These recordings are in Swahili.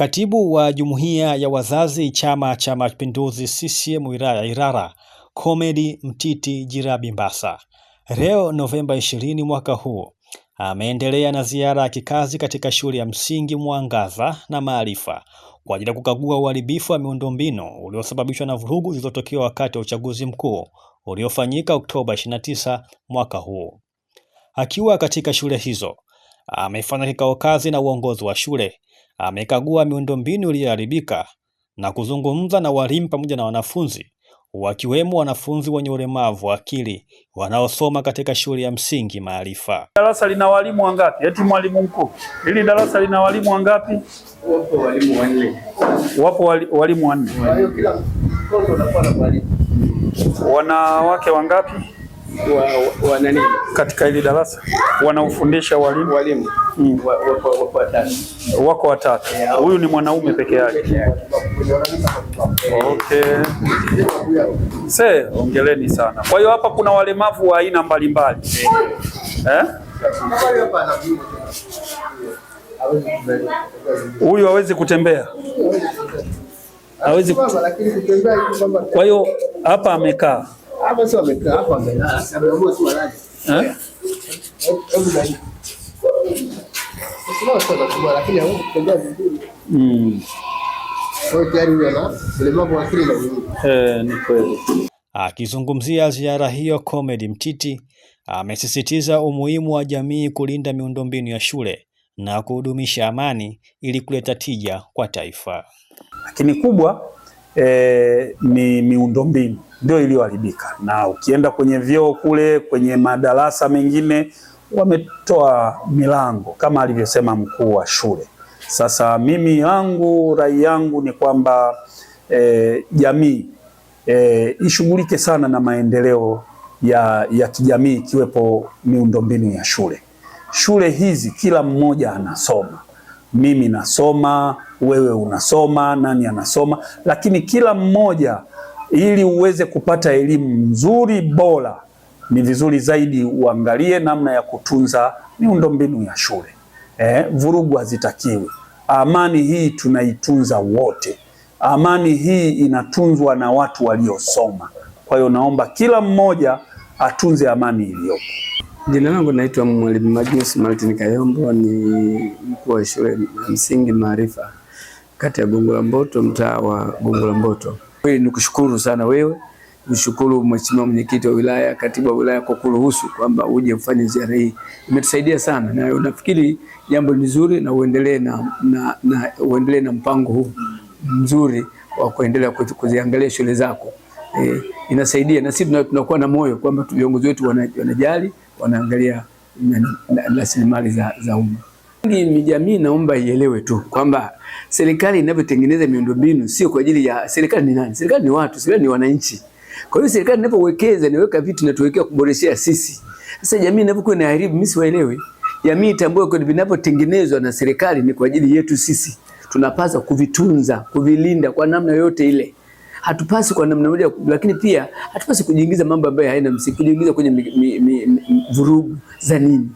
Katibu wa Jumuiya ya Wazazi Chama cha Mapinduzi CCM wilaya ya Ilala, Comrade Mtiti Jirabi Mbassa leo Novemba 20 mwaka huu ameendelea na ziara ya kikazi katika shule ya msingi Mwangaza na Maarifa kwa ajili ya kukagua uharibifu wa miundombinu uliosababishwa na vurugu zilizotokea wakati wa uchaguzi mkuu uliofanyika Oktoba 29 mwaka huu. Akiwa katika shule hizo amefanya kikao kazi na uongozi wa shule amekagua miundombinu iliyoharibika na kuzungumza na walimu pamoja na wanafunzi wakiwemo wanafunzi wenye ulemavu wa akili wanaosoma katika shule ya msingi Maarifa. Darasa lina walimu wangapi? Eti mwalimu mkuu, hili darasa lina walimu wangapi? Wapo walimu wanne. Wapo walimu wanne. Wanawake wangapi? wa, wa nani katika hili darasa wanaofundisha walimu walimu mm. wa, wa, wa, wa, wa wako watatu. Huyu ni mwanaume peke yake. Okay. Se, ongeleni sana. Kwa hiyo hapa kuna walemavu wa aina mbalimbali eh? Huyu hawezi kutembea, hawezi. Kwa hiyo hapa amekaa sio amekaa ah, hmm. eh, Akizungumzia ziara hiyo, Comrade Mtiti amesisitiza umuhimu wa jamii kulinda miundombinu ya shule na kuhudumisha amani ili kuleta tija kwa taifa. Lakini kubwa e, ni miundombinu ndio iliyoharibika, na ukienda kwenye vyoo kule kwenye madarasa mengine wametoa milango kama alivyosema mkuu wa shule. Sasa mimi yangu rai yangu ni kwamba e, jamii e, e, ishughulike sana na maendeleo ya, ya kijamii ikiwepo miundombinu ya shule. Shule hizi kila mmoja anasoma mimi nasoma, wewe unasoma, nani anasoma, lakini kila mmoja ili uweze kupata elimu nzuri bora, ni vizuri zaidi uangalie namna ya kutunza miundombinu ya shule. Eh, vurugu hazitakiwi. Amani hii tunaitunza wote. Amani hii inatunzwa na watu waliosoma. Kwa hiyo naomba kila mmoja atunze amani iliyopo. Jina langu naitwa Mwalimu Magnus Martin Kayombo, ni mkuu wa shule ya msingi Maarifa, kati ya la Mboto, mtaa wa Gongola Mboto. Kweli nikushukuru sana wewe, nishukuru mheshimiwa mwenyekiti wa wilaya, katibu wa wilaya kwa kuruhusu kwamba uje ufanye ziara hii, imetusaidia sana na nafikiri jambo ni zuri, na uendelee na, na, na, uendelee na mpango huu mzuri wa kuendelea kuziangalia shule zako. E, inasaidia na sisi tunakuwa na moyo kwamba viongozi wetu wanajali wanaangalia rasilimali za, za umma. Ni jamii naomba ielewe tu kwamba serikali inavyotengeneza miundombinu sio kwa ajili ya serikali. Ni nani? Serikali ni watu, serikali ni wananchi. Kwa hiyo serikali inapowekeza inaweka vitu na tuwekea kuboreshea sisi. Sasa jamii inapokuwa inaharibu, mimi siwaelewi. Jamii itambue kwamba vinavyotengenezwa na serikali ni kwa ajili yetu sisi, tunapaswa kuvitunza, kuvilinda kwa namna yote ile hatupasi kwa namna moja, lakini pia hatupasi kujiingiza mambo ambayo haina msingi, kujiingiza kwenye mi, mi, mi, vurugu za nini.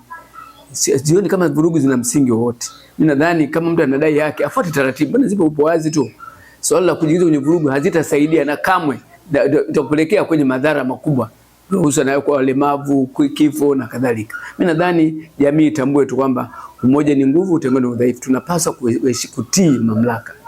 Sioni kama vurugu zina msingi wowote. Mimi nadhani kama mtu anadai yake afuate taratibu, bwana, zipo upo wazi tu. Swala la kujiingiza kwenye vurugu hazitasaidia na kamwe itakupelekea kwenye madhara makubwa ruhusa nayo kwa walemavu, kifo na kadhalika. Mimi nadhani jamii itambue tu kwamba umoja ni nguvu, utengano ni udhaifu. Tunapaswa kutii mamlaka.